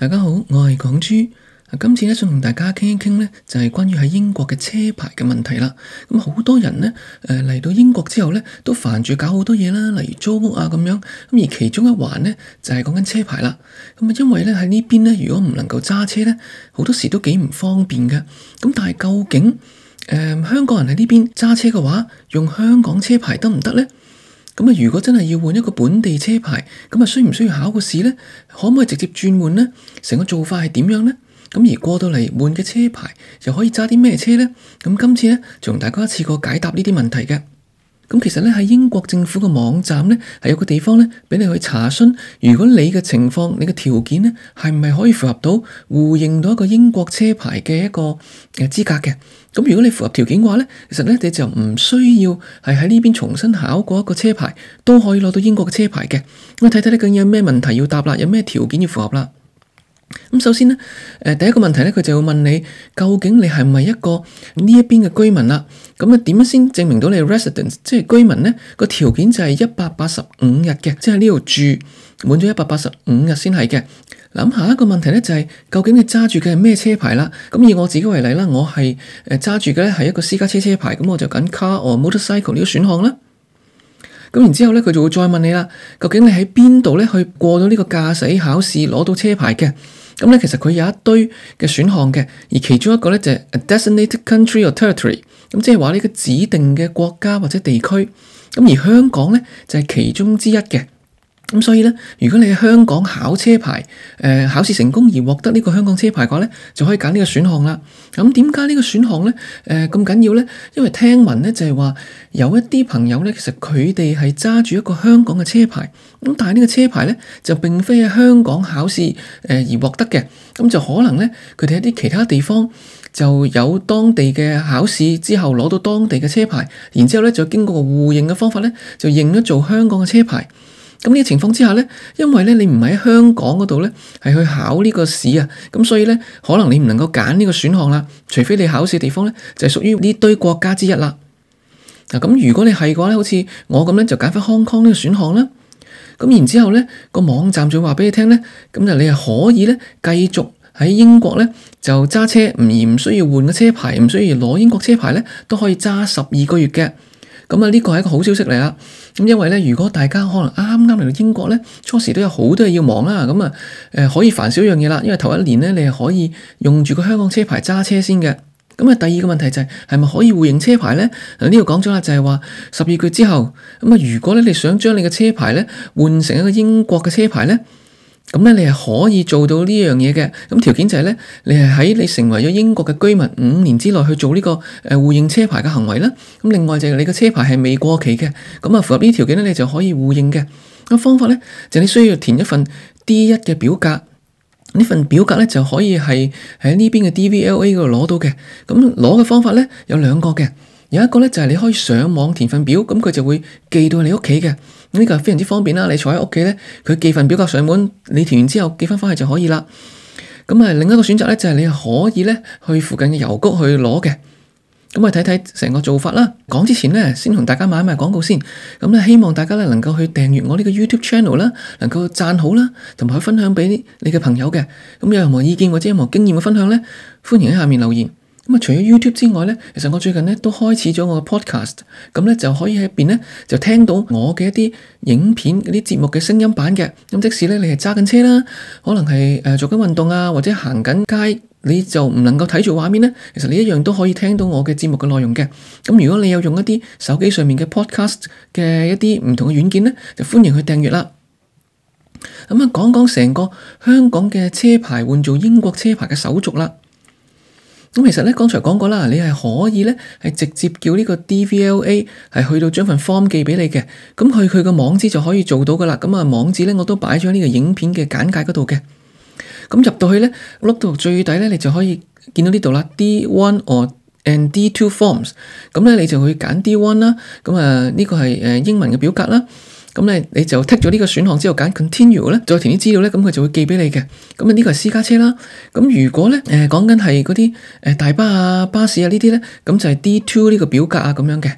大家好，我係港珠。今次想同大家傾一傾呢，就係關於喺英國嘅車牌嘅問題啦。咁好多人呢，誒嚟到英國之後呢，都煩住搞好多嘢啦，例如租屋啊咁樣。咁而其中一環呢，就係講緊車牌啦。咁啊，因為呢喺呢邊呢，如果唔能夠揸車呢，好多時都幾唔方便嘅。咁但係究竟，呃，香港人喺呢邊揸車嘅話，用香港車牌得唔得呢？咁啊，如果真係要換一個本地車牌，咁啊，需唔需要考個試呢？可唔可以直接轉換呢？成個做法係點樣呢？咁而過到嚟換嘅車牌又可以揸啲咩車呢？咁今次呢，就同大家一次過解答呢啲問題嘅。咁其實呢，喺英國政府嘅網站呢，係有個地方呢，畀你去查詢，如果你嘅情況、你嘅條件呢，係唔係可以符合到，互認到一個英國車牌嘅一個嘅資格嘅？咁如果你符合條件嘅話咧，其實咧你就唔需要係喺呢邊重新考過一個車牌，都可以攞到英國嘅車牌嘅。我睇睇你究竟有咩問題要答啦，有咩條件要符合啦。咁首先咧，誒、呃、第一個問題咧，佢就會問你究竟你係唔係一個呢一邊嘅居民啦、啊？咁啊點樣先證明到你係 resident，即係居民咧，個條件就係一百八十五日嘅，即係呢度住滿咗一百八十五日先係嘅。嗱，下一個問題咧就係、是，究竟你揸住嘅係咩車牌啦？咁以我自己為例啦，我係揸住嘅咧係一個私家車車牌，咁我就揀 car 或 motorcycle 呢個選項啦。咁然之後咧，佢就會再問你啦，究竟你喺邊度呢？去過到呢個駕駛考試攞到車牌嘅？咁呢，其實佢有一堆嘅選項嘅，而其中一個呢，就係 designated country or territory，咁即係話呢個指定嘅國家或者地區。咁而香港呢，就係其中之一嘅。咁所以咧，如果你喺香港考車牌，誒、呃、考試成功而獲得呢個香港車牌嘅話咧，就可以揀呢個選項啦。咁點解呢個選項咧誒咁緊要咧？因為聽聞咧就係話有一啲朋友咧，其實佢哋係揸住一個香港嘅車牌，咁但係呢個車牌咧就並非喺香港考試誒而獲得嘅，咁就可能咧佢哋喺啲其他地方就有當地嘅考試之後攞到當地嘅車牌，然之後咧就經過個互認嘅方法咧就認咗做香港嘅車牌。咁呢個情況之下呢，因為呢，你唔喺香港嗰度呢，係去考呢個試啊，咁所以呢，可能你唔能夠揀呢個選項啦，除非你考試嘅地方呢，就係屬於呢堆國家之一啦。嗱，咁如果你係嘅話呢，好似我咁呢，就揀翻香港呢個選項啦。咁然之後呢，個網站就會話俾你聽呢。咁就你係可以呢，繼續喺英國呢，就揸車，而唔需要換個車牌，唔需要攞英國車牌呢，都可以揸十二個月嘅。咁啊呢個係一個好消息嚟啦。因為如果大家可能啱啱嚟到英國咧，初時都有好多嘢要忙啦，咁啊、呃，可以煩少樣嘢啦。因為頭一年咧，你係可以用住個香港車牌揸車先嘅。咁、嗯、啊，第二個問題就係係咪可以互認車牌咧？呢度講咗啦，就係話十二個月之後，咁、嗯、啊，如果咧你想將你嘅車牌呢，換成一個英國嘅車牌呢。咁咧，你係可以做到呢樣嘢嘅。咁條件就係咧，你係喺你成為咗英國嘅居民五年之內去做呢、這個誒、呃、互認車牌嘅行為啦。咁另外就係你嘅車牌係未過期嘅。咁啊符合條呢條件咧，你就可以互認嘅。個方法咧就是、你需要填一份 D1 嘅表格。呢份表格咧就可以係喺呢邊嘅 DVLA 嗰度攞到嘅。咁攞嘅方法咧有兩個嘅，有一個咧就係、是、你可以上網填份表，咁佢就會寄到你屋企嘅。呢個係非常之方便啦！你坐喺屋企咧，佢寄份表格上門，你填完之後寄翻返去就可以啦。咁、嗯、啊，另一個選擇咧就係、是、你可以咧去附近嘅郵局去攞嘅。咁、嗯、啊，睇睇成個做法啦。講之前咧，先同大家買埋廣告先。咁、嗯、咧，希望大家咧能夠去訂閱我呢個 YouTube channel 啦，能夠讚好啦，同埋去分享俾你嘅朋友嘅。咁、嗯、有任何意見或者任何經驗嘅分享咧，歡迎喺下面留言。咁除咗 YouTube 之外呢，其實我最近咧都開始咗我嘅 podcast，咁呢，就可以喺入邊呢，就聽到我嘅一啲影片一啲節目嘅聲音版嘅。咁即使咧你係揸緊車啦，可能係誒做緊運動啊，或者行緊街，你就唔能夠睇住畫面呢。其實你一樣都可以聽到我嘅節目嘅內容嘅。咁如果你有用一啲手機上面嘅 podcast 嘅一啲唔同嘅軟件呢，就歡迎去訂閱啦。咁啊，講講成個香港嘅車牌換做英國車牌嘅手續啦。咁其實咧，剛才講過啦，你係可以咧，係直接叫呢個 DVLA 係去到將份 form 寄俾你嘅。咁佢佢個網址就可以做到噶啦。咁啊，網址咧我都擺咗喺呢個影片嘅簡介嗰度嘅。咁入到去咧，碌到最底咧，你就可以見到呢度啦。D one or and D two forms。咁咧，你就去揀 D one 啦。咁啊，呢個係誒英文嘅表格啦。咁你就剔咗呢個選項之後，揀 continue 咧，再填啲資料咧，咁佢就會寄畀你嘅。咁呢個係私家車啦。咁如果咧，誒講緊係嗰啲誒大巴啊、巴士啊呢啲咧，咁就係 D2 呢個表格啊咁樣嘅。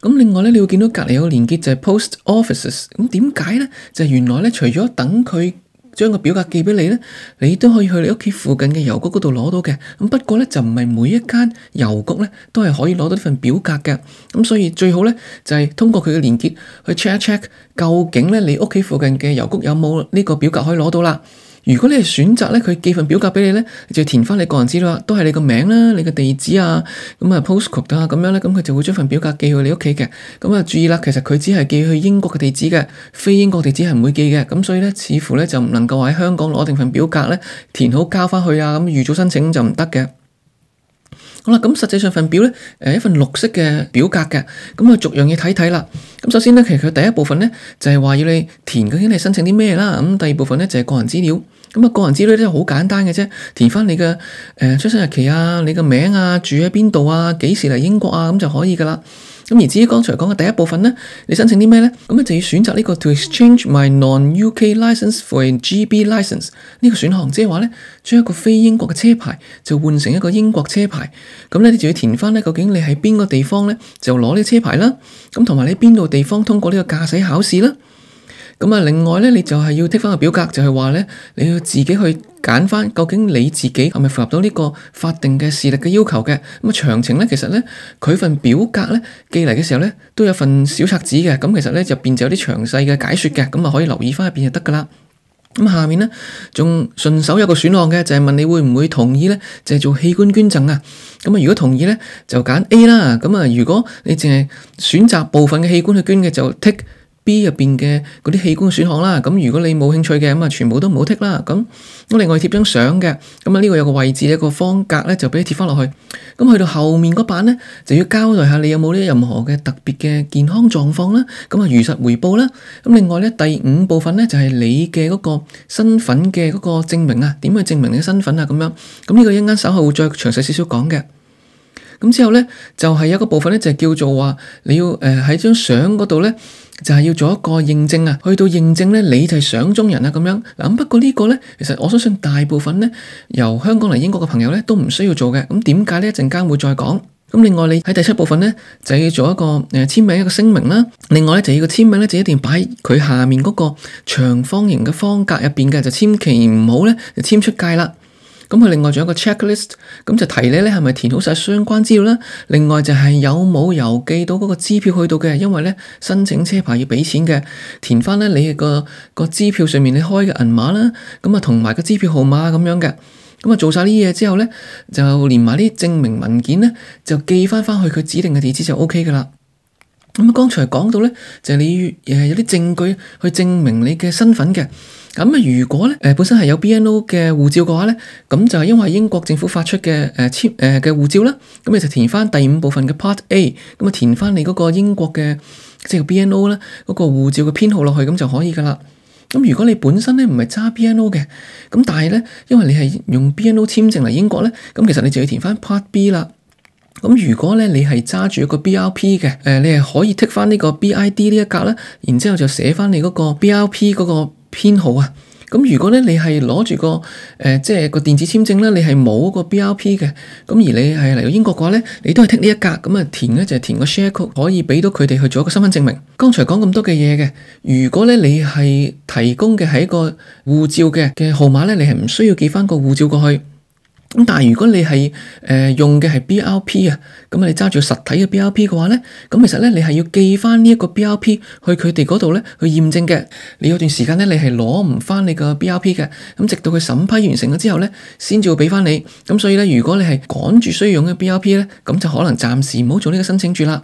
咁另外咧，你會見到隔離有個連結就係 post offices。咁點解咧？就係原來咧，除咗等佢，將個表格寄畀你咧，你都可以去你屋企附近嘅郵局嗰度攞到嘅。咁不過咧就唔係每一間郵局咧都係可以攞到呢份表格嘅。咁所以最好咧就係通過佢嘅連結去 check check，究竟咧你屋企附近嘅郵局有冇呢個表格可以攞到啦。如果你係選擇咧，佢寄份表格畀你咧，就要填翻你個人資料啊，都係你個名啦，你個地址啊，咁啊 postcode 啊咁樣咧，咁佢就會將份表格寄去你屋企嘅。咁啊注意啦，其實佢只係寄去英國嘅地址嘅，非英國地址係唔會寄嘅。咁所以咧，似乎咧就唔能夠喺香港攞定份表格咧填好交翻去啊，咁預早申請就唔得嘅。好啦，咁實際上份表咧，誒一份綠色嘅表格嘅，咁啊逐樣嘢睇睇啦。咁首先咧，其實佢第一部分咧就係話要你填究竟你申請啲咩啦。咁第二部分咧就係個人資料。咁啊個人資料咧好簡單嘅啫，填翻你嘅誒出生日期啊，你嘅名啊，住喺邊度啊，幾時嚟英國啊，咁就可以噶啦。咁而至於剛才講嘅第一部分咧，你申請啲咩呢？咁你就要選擇呢個 to exchange my non UK license for a GB license 呢個選項，即係話呢將一個非英國嘅車牌就換成一個英國車牌。咁咧你就要填翻咧，究竟你喺邊個地方咧就攞呢個車牌啦？咁同埋你邊度地方通過個駕駛呢個駕駛考試啦？另外呢，你就係要剔翻個表格，就係話呢，你要自己去揀翻，究竟你自己係咪符合到呢個法定嘅視力嘅要求嘅？咁啊，詳情呢，其實呢，佢份表格呢寄嚟嘅時候呢，都有份小冊子嘅，咁其實呢，入邊就有啲詳細嘅解說嘅，咁啊，可以留意翻入邊就得噶啦。咁下面呢，仲順手有個選項嘅，就係問你會唔會同意呢，就係做器官捐贈啊。咁啊，如果同意呢，就揀 A 啦。咁啊，如果你淨係選擇部分嘅器官去捐嘅，就剔 B 入邊嘅嗰啲器官選項啦，咁如果你冇興趣嘅，咁啊全部都唔好剔啦。咁我另外貼張相嘅，咁啊呢個有個位置一個方格咧，就俾你貼翻落去。咁去到後面嗰版咧，就要交代下你有冇啲任何嘅特別嘅健康狀況啦。咁啊如實回報啦。咁另外咧，第五部分咧，就係、是、你嘅嗰個身份嘅嗰個證明啊，點去證明你嘅身份啊咁樣。咁、這、呢個一陣間稍後會再詳細少少講嘅。咁之後咧就係、是、有一個部分咧就是、叫做話你要誒喺張相嗰度咧。就係要做一個認證啊，去到認證咧，你就係想中人啦咁樣。嗱，不過這個呢個咧，其實我相信大部分呢，由香港嚟英國嘅朋友呢，都唔需要做嘅。咁點解咧？一陣間會再講。咁另外你喺第七部分呢，就要做一個誒、呃、簽名一個聲明啦。另外呢，就要個簽名呢，就一定要擺佢下面嗰個長方形嘅方格入邊嘅，就千祈唔好咧，就簽出界啦。咁佢另外仲有個 checklist，咁就提你咧係咪填好晒相關資料啦。另外就係有冇郵寄到嗰個支票去到嘅，因為咧申請車牌要俾錢嘅，填翻咧你、那個個支票上面你開嘅銀碼啦。咁啊同埋個支票號碼咁樣嘅。咁啊做晒呢啲嘢之後咧，就連埋啲證明文件咧，就寄翻翻去佢指定嘅地址就 OK 噶啦。咁啊剛才講到咧，就係、你誒有啲證據去證明你嘅身份嘅。咁啊，如果咧，誒本身係有 BNO 嘅護照嘅話咧，咁就係因為英國政府發出嘅誒簽誒嘅護照啦，咁你就填翻第五部分嘅 Part A，咁啊填翻你嗰個英國嘅即係 BNO 咧嗰個護照嘅編號落去，咁就可以噶啦。咁如果你本身咧唔係揸 BNO 嘅，咁但係咧，因為你係用 BNO 簽證嚟英國咧，咁其實你就要填翻 Part B 啦。咁如果咧你係揸住一個 BRP 嘅，誒你係可以 tick 翻呢個 BID 呢一格啦，然之後就寫翻你嗰個 BRP 嗰個。編號啊，咁如果咧你係攞住個誒、呃、即係個電子簽證咧，你係冇個 B R P 嘅，咁而你係嚟到英國嘅話咧，你都係剔呢一格，咁啊填咧就係、是、填個 share code，可以畀到佢哋去做一個身份證明。剛才講咁多嘅嘢嘅，如果咧你係提供嘅係個護照嘅嘅號碼咧，你係唔需要寄翻個護照過去。但係如果你係誒、呃、用嘅係 B R P 啊,咁你揸住實體嘅 B R P 嘅話咧，咁其實咧你係要寄翻呢一個 B R P 去佢哋嗰度咧去驗證嘅。你有段時間咧你係攞唔翻你個 B R P 嘅，咁直到佢審批完成咗之後咧，先至會俾翻你。咁所以咧如果你係趕住需要用嘅 B R P 咧，咁就可能暫時唔好做呢個申請住啦。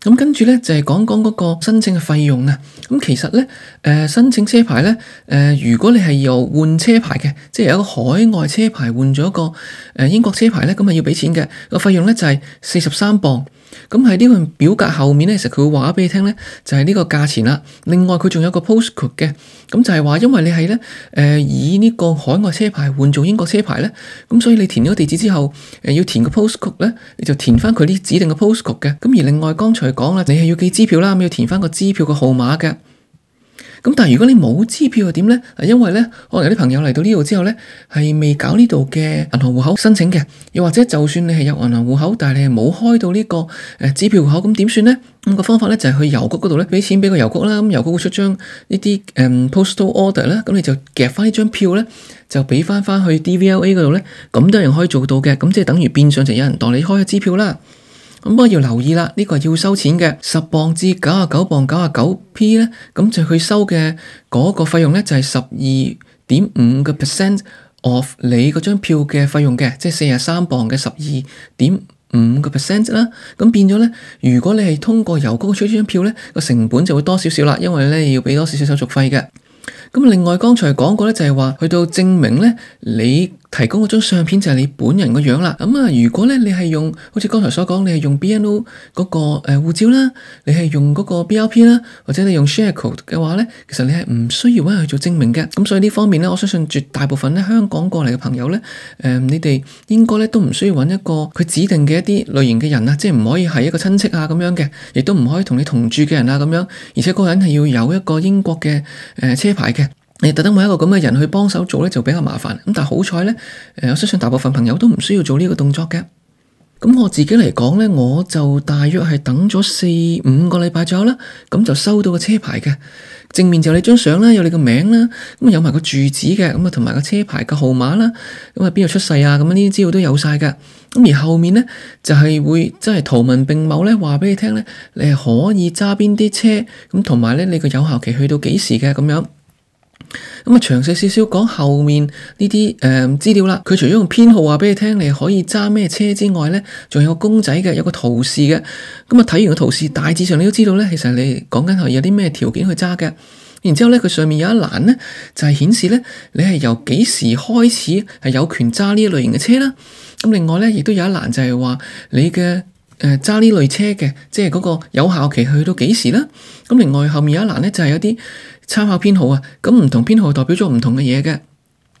咁跟住咧就係講講嗰個申請嘅費用啊。咁其實咧，誒、呃、申請車牌咧，誒、呃、如果你係由換車牌嘅，即係有一個海外車牌換咗一個誒、呃、英國車牌咧，咁係要畀錢嘅個費用咧就係四十三磅。咁喺呢份表格後面咧，其實佢會話咗俾你聽咧，就係、是、呢個價錢啦。另外佢仲有個 postcode 嘅，咁就係話因為你係咧，誒、呃、以呢個海外車牌換做英國車牌咧，咁所以你填咗地址之後誒、呃、要填個 postcode 咧，你就填翻佢啲指定嘅 postcode 嘅。咁而另外剛才。講啦，你係要寄支票啦，咁要填翻個支票個號碼嘅。咁但係如果你冇支票又點咧？啊，因為咧，可能有啲朋友嚟到呢度之後咧，係未搞呢度嘅銀行戶口申請嘅，又或者就算你係有銀行戶口，但係你係冇開到呢個誒支票戶口，咁點算咧？咁、那個方法咧就係、是、去郵局嗰度咧，俾錢俾個郵局啦，咁郵局會出張呢啲誒、嗯、Postal Order 啦，咁你就夾翻呢張票咧，就俾翻翻去 D V L A 嗰度咧，咁都有人可以做到嘅，咁即係等於變相就有人代你開個支票啦。咁啊，要留意啦，呢、這個要收錢嘅十磅至九十九磅九十九 P 咧，咁就佢收嘅嗰個費用咧就係十二點五個 percent of 你嗰張票嘅費用嘅，即係四十三磅嘅十二點五個 percent 啦。咁變咗咧，如果你係通過郵局出張呢張票咧，個成本就會多少少啦，因為咧要俾多少少手續費嘅。咁另外剛，剛才講過咧就係話去到證明咧你。提供嗰張相片就係你本人個樣啦。咁啊，如果咧你係用好似剛才所講，你係用 BNO 嗰個誒護照啦，你係用嗰個 BRP 啦，或者你用 Share Code 嘅話咧，其實你係唔需要揾人去做證明嘅。咁所以呢方面咧，我相信絕大部分咧香港過嚟嘅朋友咧，誒你哋應該咧都唔需要揾一個佢指定嘅一啲類型嘅人啊，即係唔可以係一個親戚啊咁樣嘅，亦都唔可以同你同住嘅人啊咁樣，而且個人係要有一個英國嘅誒車牌嘅。你特登揾一個咁嘅人去幫手做呢，就比較麻煩。咁但係好彩呢，誒、呃，我相信大部分朋友都唔需要做呢個動作嘅。咁我自己嚟講呢，我就大約係等咗四五個禮拜左右啦。咁就收到個車牌嘅正面就你張相啦，有你個名啦，咁有埋個住址嘅，咁啊同埋個車牌個號碼啦，咁啊邊度出世啊，咁樣呢啲資料都有晒嘅。咁而後面呢，就係、是、會即係圖文並茂呢話畀你聽呢，你係可以揸邊啲車咁，同埋呢，你個有效期去到幾時嘅咁樣。咁啊，詳細少少講後面呢啲誒資料啦。佢除咗用編號話俾你聽，你可以揸咩車之外呢，仲有個公仔嘅，有個圖示嘅。咁啊，睇完個圖示，大致上你都知道呢，其實你講緊係有啲咩條件去揸嘅。然之後咧，佢上面有一欄呢，就係顯示呢，你係由幾時開始係有權揸呢一類型嘅車啦。咁另外呢，亦都有一欄就係話你嘅誒揸呢類車嘅，即係嗰個有效期去到幾時啦。咁另外後面有一欄呢，就係有啲。參考編號啊，咁唔同編號代表咗唔同嘅嘢嘅，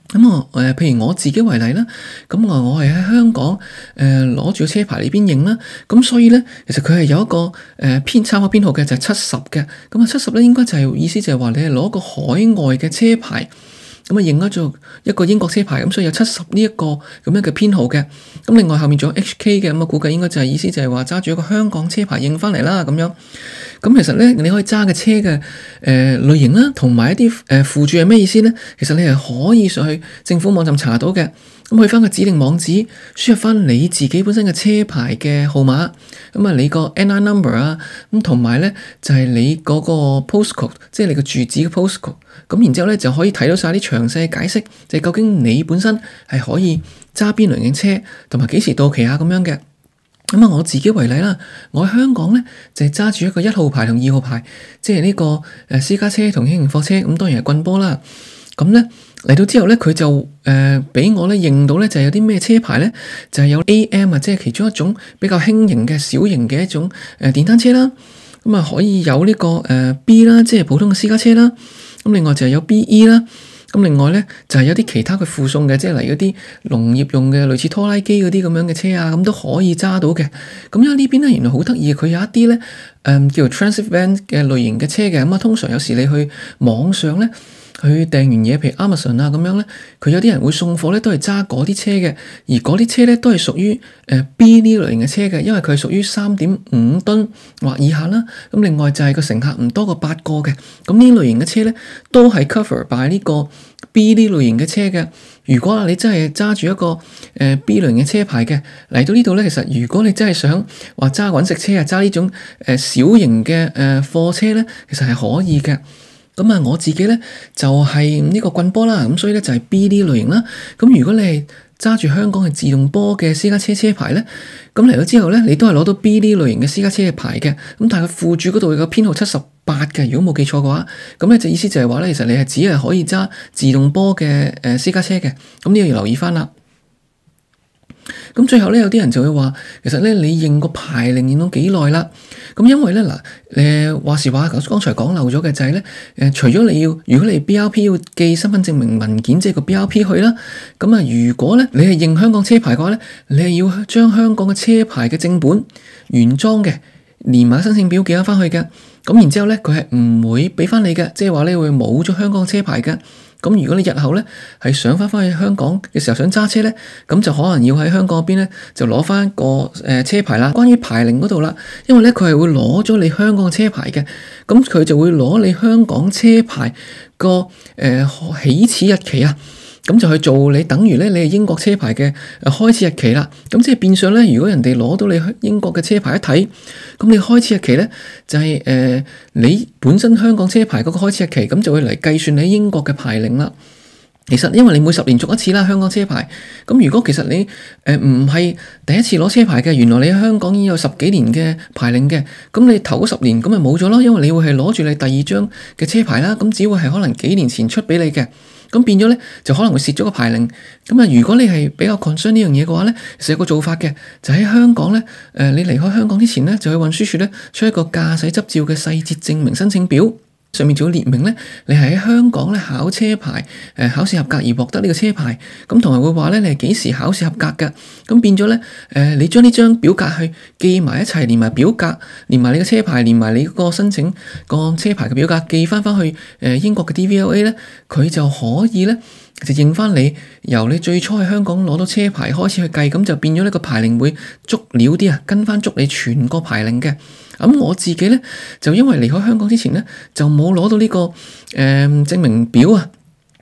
咁我誒、呃，譬如我自己為例啦，咁我我係喺香港誒，攞、呃、住個車牌嚟編認啦，咁所以咧，其實佢係有一個誒，編、呃、參考編號嘅就係七十嘅，咁啊七十咧應該就係、是、意思就係話你係攞個海外嘅車牌。咁啊，認咗做一個英國車牌，咁所以有七十呢一個咁樣嘅編號嘅。咁另外後面仲有 HK 嘅，咁、那、啊、個、估計應該就係、是、意思就係話揸住一個香港車牌認翻嚟啦咁樣。咁其實咧，你可以揸嘅車嘅誒、呃、類型啦、啊，同埋一啲誒附註係咩意思咧？其實你係可以上去政府網站查到嘅。咁去翻個指定網址，輸入翻你自己本身嘅車牌嘅號碼，咁啊你個 NI number 啊，咁同埋咧就係你嗰個 postcode，即係你嘅住址嘅 postcode，咁然之後咧就可以睇到晒啲詳細解釋，就係、是、究竟你本身係可以揸邊類嘅車，同埋幾時到期啊咁樣嘅。咁啊我自己為例啦，我喺香港咧就係揸住一個一號牌同二號牌，即係呢個誒私家車同輕型貨車，咁當然係棍波啦。咁咧。嚟到之後咧，佢就誒俾、呃、我咧認到咧，就係、是、有啲咩車牌咧，就係有 AM 啊，即係其中一種比較輕型嘅小型嘅一種誒電單車啦。咁、嗯、啊，可以有呢、這個誒、呃、B 啦，即係普通嘅私家車啦。咁、嗯、另外就係有 B E 啦。咁、嗯、另外咧就係、是、有啲其他佢附送嘅，即係嚟嗰啲農業用嘅類似拖拉機嗰啲咁樣嘅車啊，咁、嗯、都可以揸到嘅。咁、嗯、因為邊呢邊咧原來好得意，佢有一啲咧誒叫做 Transit Van 嘅類型嘅車嘅。咁、嗯、啊，通常有時你去網上咧。佢訂完嘢譬如 Amazon 啊咁樣咧，佢有啲人會送貨咧，都係揸嗰啲車嘅，而嗰啲車咧都係屬於誒 B 呢類型嘅車嘅，因為佢係屬於三點五噸或以下啦。咁另外就係個乘客唔多過八個嘅，咁呢類型嘅車咧都係 cover by 呢個 B 呢類型嘅車嘅。如果你真係揸住一個誒 B 類型嘅車牌嘅嚟到呢度咧，其實如果你真係想話揸揾食車啊，揸呢種誒小型嘅誒貨車咧，其實係可以嘅。咁啊，我自己咧就係、是、呢個棍波啦，咁所以咧就係 B d 類型啦。咁如果你係揸住香港嘅自動波嘅私家車車牌咧，咁嚟咗之後咧，你都係攞到 B d 類型嘅私家車嘅牌嘅。咁但係佢附註嗰度有個編號七十八嘅，如果冇記錯嘅話，咁咧就意思就係話咧，其實你係只係可以揸自動波嘅誒私家車嘅。咁呢個要留意返啦。咁最後咧，有啲人就會話，其實咧，你認個牌齡認咗幾耐啦。咁因為咧，嗱，誒話時話，剛才講漏咗嘅就係咧，誒除咗你要，如果你 B R P 要寄身份證明文件即係個 B R P 去啦，咁啊，如果咧你係認香港車牌嘅話咧，你係要將香港嘅車牌嘅正本原裝嘅，連埋申請表寄翻去嘅。咁然之後咧，佢係唔會俾翻你嘅，即係話咧會冇咗香港車牌嘅。咁如果你日後咧係想翻翻去香港嘅時候想揸車咧，咁就可能要喺香港嗰邊咧就攞翻個誒、呃、車牌啦。關於牌齡嗰度啦，因為咧佢係會攞咗你香港嘅車牌嘅，咁佢就會攞你香港車牌個誒、呃、起始日期啊。咁就去做你等於咧，你係英國車牌嘅開始日期啦。咁即係變相咧，如果人哋攞到你英國嘅車牌一睇，咁你開始日期咧就係、是、誒、呃、你本身香港車牌嗰個開始日期，咁就會嚟計算你英國嘅牌齡啦。其實因為你每十年續一次啦，香港車牌。咁如果其實你誒唔係第一次攞車牌嘅，原來你香港已經有十幾年嘅牌齡嘅，咁你頭十年咁咪冇咗咯，因為你會係攞住你第二張嘅車牌啦，咁只會係可能幾年前出俾你嘅。咁變咗咧，就可能會蝕咗個牌齡。咁啊，如果你係比較 concern 呢樣嘢嘅話咧，其實有個做法嘅，就喺香港咧，誒，你離開香港之前咧，就去運輸署咧，出一個駕駛執照嘅細節證明申請表。上面仲要列明呢，你係喺香港呢考車牌，誒考試合格而獲得呢個車牌，咁同埋會話呢，你係幾時考試合格嘅？咁變咗呢，誒、呃、你將呢張表格去寄埋一齊，連埋表格，連埋你個車牌，連埋你個申請個車牌嘅表格，寄翻翻去誒英國嘅 DVLA 呢，佢就可以呢，就認翻你由你最初喺香港攞到車牌開始去計，咁就變咗呢個牌齡會足料啲啊，跟翻足你全個牌齡嘅。咁我自己咧就因為離開香港之前咧就冇攞到呢個誒證明表啊，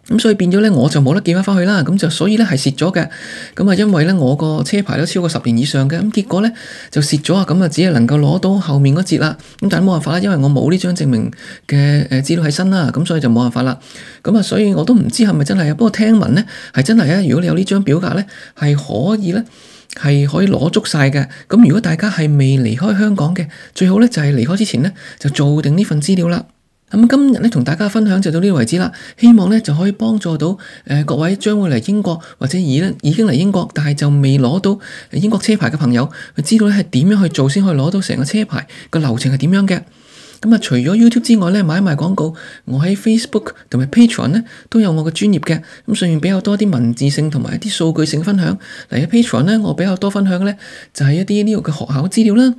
咁所以變咗咧我就冇得寄翻翻去啦，咁就所以咧係蝕咗嘅。咁啊因為咧我個車牌都超過十年以上嘅，咁結果咧就蝕咗啊，咁啊只係能夠攞到後面嗰節啦。咁但係冇辦法啦，因為我冇呢張證明嘅誒資料喺身啦，咁所以就冇辦法啦。咁啊所以我都唔知係咪真係啊，不過聽聞咧係真係啊。如果你有呢張表格咧，係可以咧。係可以攞足晒嘅，咁如果大家係未離開香港嘅，最好咧就係離開之前咧就做定呢份資料啦。咁今日咧同大家分享就到呢度為止啦，希望咧就可以幫助到誒、呃、各位將會嚟英國或者已咧已經嚟英國但係就未攞到英國車牌嘅朋友，佢知道咧係點樣去做先可以攞到成個車牌個流程係點樣嘅。咁啊，除咗 YouTube 之外咧，賣埋廣告，我喺 Facebook 同埋 Patreon 咧都有我嘅專頁嘅。咁上面比較多啲文字性同埋一啲數據性分享。嚟啊，Patreon 咧，我比較多分享嘅咧，就係一啲呢度嘅學校資料啦。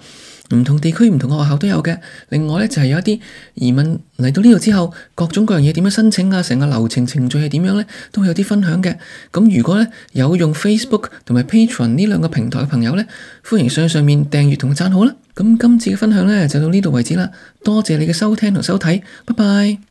唔同地區唔同嘅學校都有嘅。另外咧，就係有一啲移民嚟到呢度之後，各種各樣嘢點樣申請啊，成個流程程序係點樣咧，都會有啲分享嘅。咁如果咧有用 Facebook 同埋 Patreon 呢兩個平台嘅朋友咧，歡迎上去上面訂閱同埋讚好啦。咁今次嘅分享呢就到呢度為止啦，多謝你嘅收聽同收睇，拜拜。